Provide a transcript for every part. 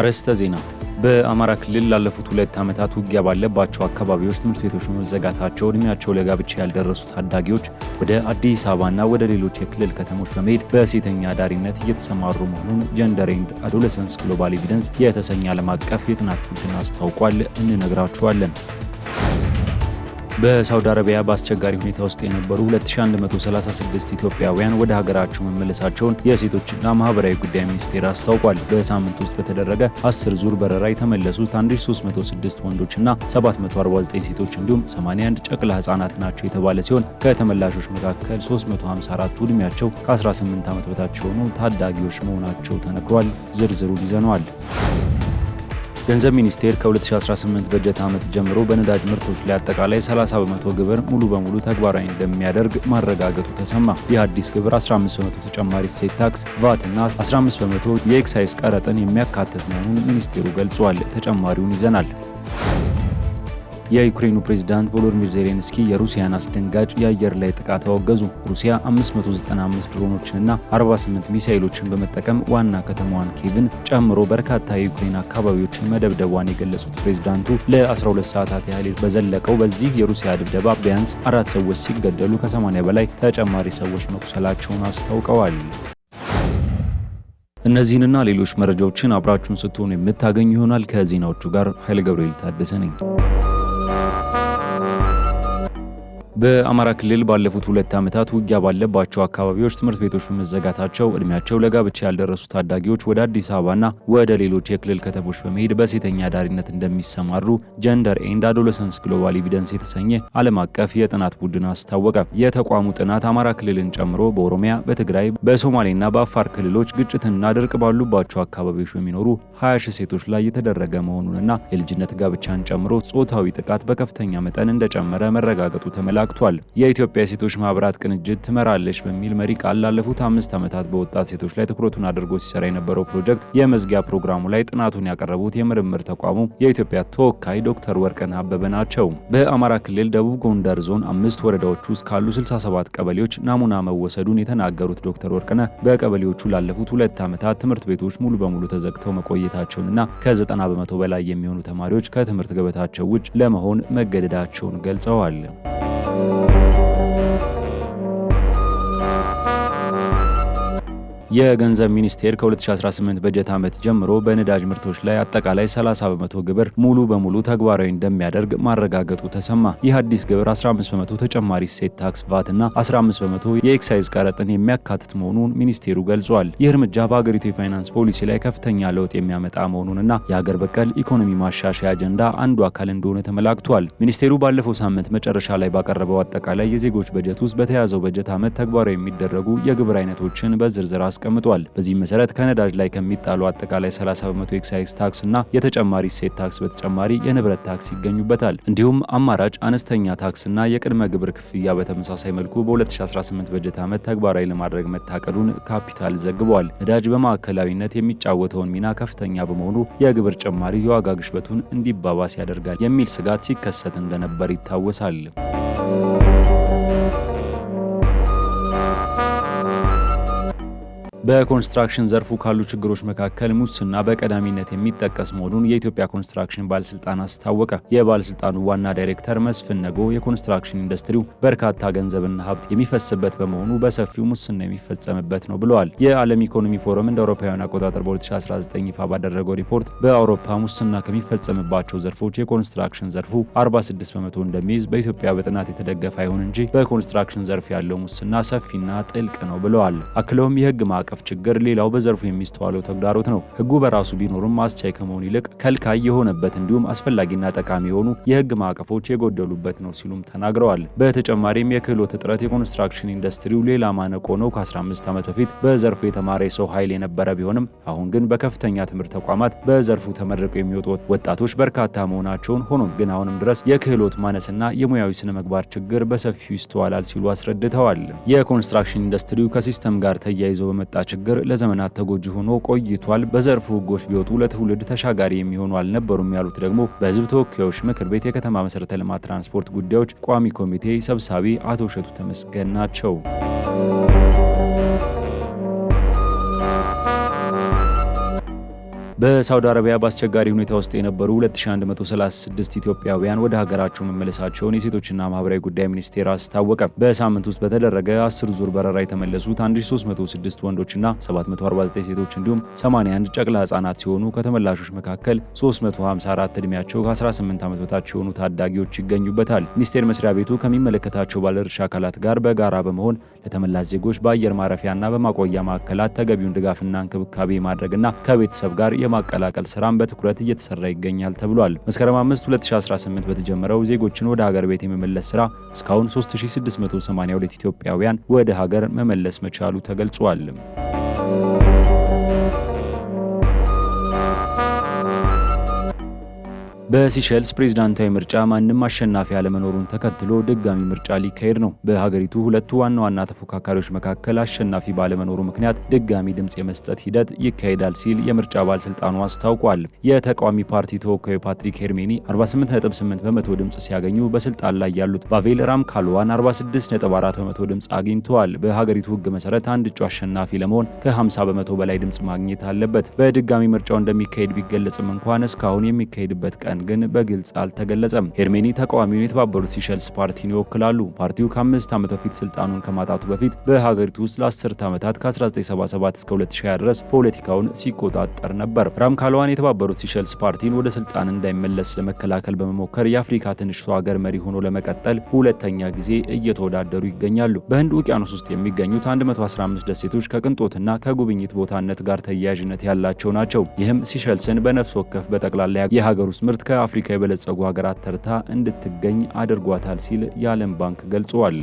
አርዕስተ ዜና። በአማራ ክልል ላለፉት ሁለት ዓመታት ውጊያ ባለባቸው አካባቢዎች ትምህርት ቤቶች መዘጋታቸው ዕድሜያቸው ለጋብቻ ያልደረሱ ታዳጊዎች ወደ አዲስ አበባና ወደ ሌሎች የክልል ከተሞች በመሄድ በሴተኛ አዳሪነት እየተሰማሩ መሆኑን ጀንደር ኤንድ አዶለሰንስ ግሎባል ኤቪደንስ የተሰኘ ዓለም አቀፍ የጥናት ቡድን አስታውቋል። እንነግራችኋለን። በሳውዲ አረቢያ በአስቸጋሪ ሁኔታ ውስጥ የነበሩ 2136 ኢትዮጵያውያን ወደ ሀገራቸው መመለሳቸውን የሴቶችና ማህበራዊ ጉዳይ ሚኒስቴር አስታውቋል። በሳምንት ውስጥ በተደረገ 10 ዙር በረራ የተመለሱት 1306 ወንዶችና 749 ሴቶች እንዲሁም 81 ጨቅላ ህጻናት ናቸው የተባለ ሲሆን ከተመላሾች መካከል 354ቱ ዕድሜያቸው ከ18 ዓመት በታች የሆኑ ታዳጊዎች መሆናቸው ተነግሯል። ዝርዝሩን ይዘነዋል። ገንዘብ ሚኒስቴር ከ2018 በጀት ዓመት ጀምሮ በነዳጅ ምርቶች ላይ አጠቃላይ 30 በመቶ ግብር ሙሉ በሙሉ ተግባራዊ እንደሚያደርግ ማረጋገጡ ተሰማ። ይህ አዲስ ግብር 15 በመቶ ተጨማሪ እሴት ታክስ ቫትና 15 በመቶ የኤክሳይዝ ቀረጥን የሚያካትት መሆኑን ሚኒስቴሩ ገልጿል። ተጨማሪውን ይዘናል። የዩክሬኑ ፕሬዝዳንት ቮሎዲሚር ዜሌንስኪ የሩሲያን አስደንጋጭ የአየር ላይ ጥቃት አወገዙ። ሩሲያ 595 ድሮኖችንና 48 ሚሳይሎችን በመጠቀም ዋና ከተማዋን ኬቭን ጨምሮ በርካታ የዩክሬን አካባቢዎችን መደብደቧን የገለጹት ፕሬዝዳንቱ ለ12 ሰዓታት ያህል በዘለቀው በዚህ የሩሲያ ድብደባ ቢያንስ አራት ሰዎች ሲገደሉ ከ80 በላይ ተጨማሪ ሰዎች መቁሰላቸውን አስታውቀዋል። እነዚህንና ሌሎች መረጃዎችን አብራችሁን ስትሆኑ የምታገኙ ይሆናል። ከዜናዎቹ ጋር ኃይለ ገብርኤል ታደሰ ነኝ። Thank you. በአማራ ክልል ባለፉት ሁለት ዓመታት ውጊያ ባለባቸው አካባቢዎች ትምህርት ቤቶች በመዘጋታቸው እድሜያቸው ለጋብቻ ያልደረሱ ታዳጊዎች ወደ አዲስ አበባና ወደ ሌሎች የክልል ከተሞች በመሄድ በሴተኛ አዳሪነት እንደሚሰማሩ ጀንደር ኤንድ አዶለሰንስ ግሎባል ኤቪደንስ የተሰኘ ዓለም አቀፍ የጥናት ቡድን አስታወቀ። የተቋሙ ጥናት አማራ ክልልን ጨምሮ በኦሮሚያ፣ በትግራይ፣ በሶማሌና በአፋር ክልሎች ግጭትና ድርቅ ባሉባቸው አካባቢዎች በሚኖሩ 20 ሺህ ሴቶች ላይ የተደረገ መሆኑንና የልጅነት ጋብቻን ጨምሮ ጾታዊ ጥቃት በከፍተኛ መጠን እንደጨመረ መረጋገጡ ተመላ አመላክቷል። የኢትዮጵያ የሴቶች ማህበራት ቅንጅት ትመራለች በሚል መሪ ቃል ላለፉት አምስት ዓመታት በወጣት ሴቶች ላይ ትኩረቱን አድርጎ ሲሰራ የነበረው ፕሮጀክት የመዝጊያ ፕሮግራሙ ላይ ጥናቱን ያቀረቡት የምርምር ተቋሙ የኢትዮጵያ ተወካይ ዶክተር ወርቅነህ አበበ ናቸው። በአማራ ክልል ደቡብ ጎንደር ዞን አምስት ወረዳዎች ውስጥ ካሉ 67 ቀበሌዎች ናሙና መወሰዱን የተናገሩት ዶክተር ወርቅነህ በቀበሌዎቹ ላለፉት ሁለት ዓመታት ትምህርት ቤቶች ሙሉ በሙሉ ተዘግተው መቆየታቸውንና ከ90 በመቶ በላይ የሚሆኑ ተማሪዎች ከትምህርት ገበታቸው ውጭ ለመሆን መገደዳቸውን ገልጸዋል። Música የገንዘብ ሚኒስቴር ከ2018 በጀት ዓመት ጀምሮ በነዳጅ ምርቶች ላይ አጠቃላይ 30 በመቶ ግብር ሙሉ በሙሉ ተግባራዊ እንደሚያደርግ ማረጋገጡ ተሰማ። ይህ አዲስ ግብር 15 በመቶ ተጨማሪ ሴት ታክስ ቫት እና 15 በመቶ የኤክሳይዝ ቀረጥን የሚያካትት መሆኑን ሚኒስቴሩ ገልጿል። ይህ እርምጃ በአገሪቱ የፋይናንስ ፖሊሲ ላይ ከፍተኛ ለውጥ የሚያመጣ መሆኑንና የሀገር በቀል ኢኮኖሚ ማሻሻያ አጀንዳ አንዱ አካል እንደሆነ ተመላክቷል። ሚኒስቴሩ ባለፈው ሳምንት መጨረሻ ላይ ባቀረበው አጠቃላይ የዜጎች በጀት ውስጥ በተያዘው በጀት ዓመት ተግባራዊ የሚደረጉ የግብር አይነቶችን በዝርዝር አስ አስቀምጧል። በዚህ መሰረት ከነዳጅ ላይ ከሚጣሉ አጠቃላይ 30 በመቶ ኤክሳይዝ ታክስ እና የተጨማሪ ሴት ታክስ በተጨማሪ የንብረት ታክስ ይገኙበታል። እንዲሁም አማራጭ አነስተኛ ታክስ እና የቅድመ ግብር ክፍያ በተመሳሳይ መልኩ በ2018 በጀት ዓመት ተግባራዊ ለማድረግ መታቀዱን ካፒታል ዘግቧል። ነዳጅ በማዕከላዊነት የሚጫወተውን ሚና ከፍተኛ በመሆኑ የግብር ጭማሪ የዋጋ ግሽበቱን እንዲባባስ ያደርጋል የሚል ስጋት ሲከሰት እንደነበር ይታወሳል። በኮንስትራክሽን ዘርፉ ካሉ ችግሮች መካከል ሙስና በቀዳሚነት የሚጠቀስ መሆኑን የኢትዮጵያ ኮንስትራክሽን ባለስልጣን አስታወቀ። የባለስልጣኑ ዋና ዳይሬክተር መስፍን ነጎ የኮንስትራክሽን ኢንዱስትሪው በርካታ ገንዘብና ሀብት የሚፈስበት በመሆኑ በሰፊው ሙስና የሚፈጸምበት ነው ብለዋል። የዓለም ኢኮኖሚ ፎረም እንደ አውሮፓውያን አቆጣጠር በ2019 ይፋ ባደረገው ሪፖርት በአውሮፓ ሙስና ከሚፈጸምባቸው ዘርፎች የኮንስትራክሽን ዘርፉ 46 በመቶ እንደሚይዝ፣ በኢትዮጵያ በጥናት የተደገፈ አይሆን እንጂ በኮንስትራክሽን ዘርፍ ያለው ሙስና ሰፊና ጥልቅ ነው ብለዋል። አክለውም የህግ ማዕቀ አቀፍ ችግር ሌላው በዘርፉ የሚስተዋለው ተግዳሮት ነው። ህጉ በራሱ ቢኖርም አስቻይ ከመሆን ይልቅ ከልካይ የሆነበት እንዲሁም አስፈላጊና ጠቃሚ የሆኑ የህግ ማዕቀፎች የጎደሉበት ነው ሲሉም ተናግረዋል። በተጨማሪም የክህሎት እጥረት የኮንስትራክሽን ኢንዱስትሪው ሌላ ማነቆ ነው። ከ15 ዓመት በፊት በዘርፉ የተማረ የሰው ኃይል የነበረ ቢሆንም አሁን ግን በከፍተኛ ትምህርት ተቋማት በዘርፉ ተመርቀው የሚወጡ ወጣቶች በርካታ መሆናቸውን ሆኖም ግን አሁንም ድረስ የክህሎት ማነስና የሙያዊ ስነ ምግባር ችግር በሰፊው ይስተዋላል ሲሉ አስረድተዋል። የኮንስትራክሽን ኢንዱስትሪው ከሲስተም ጋር ተያይዞ በመጣ ችግር ለዘመናት ተጎጂ ሆኖ ቆይቷል። በዘርፉ ህጎች ቢወጡ ለትውልድ ተሻጋሪ የሚሆኑ አልነበሩም ያሉት ደግሞ በህዝብ ተወካዮች ምክር ቤት የከተማ መሰረተ ልማት ትራንስፖርት ጉዳዮች ቋሚ ኮሚቴ ሰብሳቢ አቶ እሸቱ ተመስገን ናቸው። በሳውዲ አረቢያ በአስቸጋሪ ሁኔታ ውስጥ የነበሩ 2136 ኢትዮጵያውያን ወደ ሀገራቸው መመለሳቸውን የሴቶችና ማህበራዊ ጉዳይ ሚኒስቴር አስታወቀ። በሳምንት ውስጥ በተደረገ 10 ዙር በረራ የተመለሱት 1306 ወንዶችና 749 ሴቶች እንዲሁም 81 ጨቅላ ህጻናት ሲሆኑ ከተመላሾች መካከል 354 እድሜያቸው ከ18 ዓመት በታች የሆኑ ታዳጊዎች ይገኙበታል። ሚኒስቴር መስሪያ ቤቱ ከሚመለከታቸው ባለድርሻ አካላት ጋር በጋራ በመሆን ለተመላሽ ዜጎች በአየር ማረፊያና በማቆያ ማዕከላት ተገቢውን ድጋፍና እንክብካቤ ማድረግና ከቤተሰብ ጋር የማቀላቀል ስራም በትኩረት እየተሰራ ይገኛል ተብሏል። መስከረም 5 2018 በተጀመረው ዜጎችን ወደ ሀገር ቤት የመመለስ ስራ እስካሁን 3682 ኢትዮጵያውያን ወደ ሀገር መመለስ መቻሉ ተገልጿል። በሲሸልስ ፕሬዝዳንታዊ ምርጫ ማንም አሸናፊ አለመኖሩን ተከትሎ ድጋሚ ምርጫ ሊካሄድ ነው። በሀገሪቱ ሁለቱ ዋና ዋና ተፎካካሪዎች መካከል አሸናፊ ባለመኖሩ ምክንያት ድጋሚ ድምፅ የመስጠት ሂደት ይካሄዳል ሲል የምርጫ ባለስልጣኑ አስታውቋል። የተቃዋሚ ፓርቲ ተወካዩ ፓትሪክ ሄርሜኒ 48.8 በመቶ ድምፅ ሲያገኙ በስልጣን ላይ ያሉት ቫቬል ራም ካልዋን 46.4 በመቶ ድምፅ አግኝተዋል። በሀገሪቱ ህግ መሰረት አንድ እጩ አሸናፊ ለመሆን ከ50 በመቶ በላይ ድምፅ ማግኘት አለበት። በድጋሚ ምርጫው እንደሚካሄድ ቢገለጽም እንኳን እስካሁን የሚካሄድበት ቀን ግን በግልጽ አልተገለጸም። ሄርሜኒ ተቃዋሚውን የተባበሩት ሲሸልስ ፓርቲን ይወክላሉ። ፓርቲው ከአምስት ዓመት በፊት ስልጣኑን ከማጣቱ በፊት በሀገሪቱ ውስጥ ለአስርት ዓመታት ከ1977 እስከ 2020 ድረስ ፖለቲካውን ሲቆጣጠር ነበር። ካልዋን የተባበሩት ሲሸልስ ፓርቲን ወደ ስልጣን እንዳይመለስ ለመከላከል በመሞከር የአፍሪካ ትንሽቱ ሀገር መሪ ሆኖ ለመቀጠል ሁለተኛ ጊዜ እየተወዳደሩ ይገኛሉ። በህንድ ውቅያኖስ ውስጥ የሚገኙት 115 ደሴቶች ከቅንጦትና ከጉብኝት ቦታነት ጋር ተያያዥነት ያላቸው ናቸው። ይህም ሲሸልስን በነፍስ ወከፍ በጠቅላላ የሀገር ውስጥ ምርት ከአፍሪካ የበለጸጉ ሀገራት ተርታ እንድትገኝ አድርጓታል ሲል የዓለም ባንክ ገልጿል።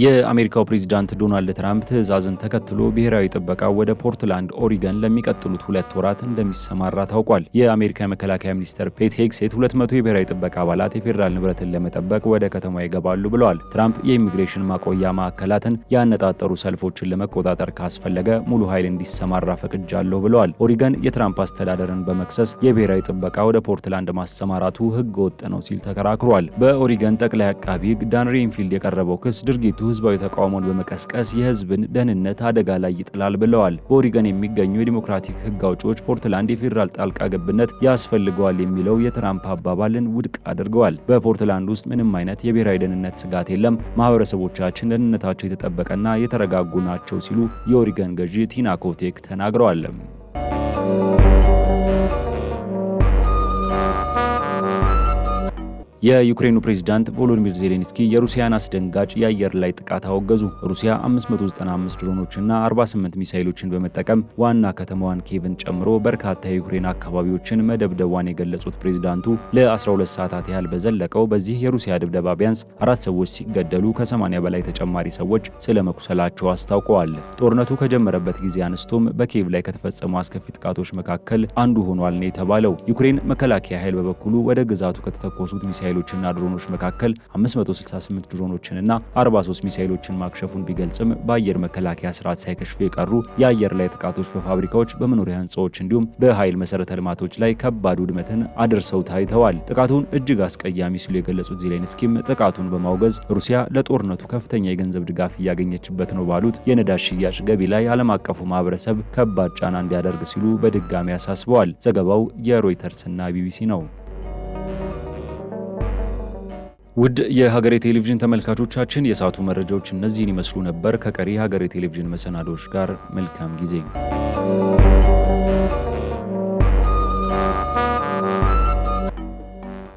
የአሜሪካው ፕሬዚዳንት ዶናልድ ትራምፕ ትዕዛዝን ተከትሎ ብሔራዊ ጥበቃ ወደ ፖርትላንድ ኦሪገን ለሚቀጥሉት ሁለት ወራት እንደሚሰማራ ታውቋል። የአሜሪካ የመከላከያ ሚኒስትር ፔት ሄግሴት 200 የብሔራዊ ጥበቃ አባላት የፌዴራል ንብረትን ለመጠበቅ ወደ ከተማ ይገባሉ ብለዋል። ትራምፕ የኢሚግሬሽን ማቆያ ማዕከላትን ያነጣጠሩ ሰልፎችን ለመቆጣጠር ካስፈለገ ሙሉ ኃይል እንዲሰማራ ፈቅጃለሁ ብለዋል። ኦሪገን የትራምፕ አስተዳደርን በመክሰስ የብሔራዊ ጥበቃ ወደ ፖርትላንድ ማሰማራቱ ሕገ ወጥ ነው ሲል ተከራክሯል። በኦሪገን ጠቅላይ አቃቢ ሕግ ዳን ሬንፊልድ የቀረበው ክስ ድርጊቱ ህዝባዊ ተቃውሞን በመቀስቀስ የህዝብን ደህንነት አደጋ ላይ ይጥላል ብለዋል። በኦሪገን የሚገኙ የዲሞክራቲክ ህግ አውጪዎች ፖርትላንድ የፌዴራል ጣልቃ ገብነት ያስፈልገዋል የሚለው የትራምፕ አባባልን ውድቅ አድርገዋል። በፖርትላንድ ውስጥ ምንም አይነት የብሔራዊ ደህንነት ስጋት የለም፣ ማህበረሰቦቻችን ደህንነታቸው የተጠበቀና የተረጋጉ ናቸው ሲሉ የኦሪገን ገዢ ቲና ኮቴክ ተናግረዋል። የዩክሬኑ ፕሬዚዳንት ቮሎዲሚር ዜሌንስኪ የሩሲያን አስደንጋጭ የአየር ላይ ጥቃት አወገዙ። ሩሲያ 595 ድሮኖችና 48 ሚሳይሎችን በመጠቀም ዋና ከተማዋን ኬቭን ጨምሮ በርካታ የዩክሬን አካባቢዎችን መደብደቧን የገለጹት ፕሬዚዳንቱ ለ12 ሰዓታት ያህል በዘለቀው በዚህ የሩሲያ ድብደባ ቢያንስ አራት ሰዎች ሲገደሉ ከ80 በላይ ተጨማሪ ሰዎች ስለመቁሰላቸው አስታውቀዋል። ጦርነቱ ከጀመረበት ጊዜ አንስቶም በኬቭ ላይ ከተፈጸሙ አስከፊ ጥቃቶች መካከል አንዱ ሆኗል ነው የተባለው። ዩክሬን መከላከያ ኃይል በበኩሉ ወደ ግዛቱ ከተተኮሱት ሚሳይል ሚሳይሎችና ድሮኖች መካከል 568 ድሮኖችንና 43 ሚሳይሎችን ማክሸፉን ቢገልጽም በአየር መከላከያ ስርዓት ሳይከሽፉ የቀሩ የአየር ላይ ጥቃቶች በፋብሪካዎች፣ በመኖሪያ ህንፃዎች እንዲሁም በኃይል መሰረተ ልማቶች ላይ ከባድ ውድመትን አድርሰው ታይተዋል። ጥቃቱን እጅግ አስቀያሚ ሲሉ የገለጹት ዜሌንስኪም ጥቃቱን በማውገዝ ሩሲያ ለጦርነቱ ከፍተኛ የገንዘብ ድጋፍ እያገኘችበት ነው ባሉት የነዳጅ ሽያጭ ገቢ ላይ ዓለም አቀፉ ማህበረሰብ ከባድ ጫና እንዲያደርግ ሲሉ በድጋሚ አሳስበዋል። ዘገባው የሮይተርስና ቢቢሲ ነው። ውድ የሀገሬ ቴሌቪዥን ተመልካቾቻችን የሰዓቱ መረጃዎች እነዚህን ይመስሉ ነበር። ከቀሪ የሀገሬ ቴሌቪዥን መሰናዶዎች ጋር መልካም ጊዜ ነው።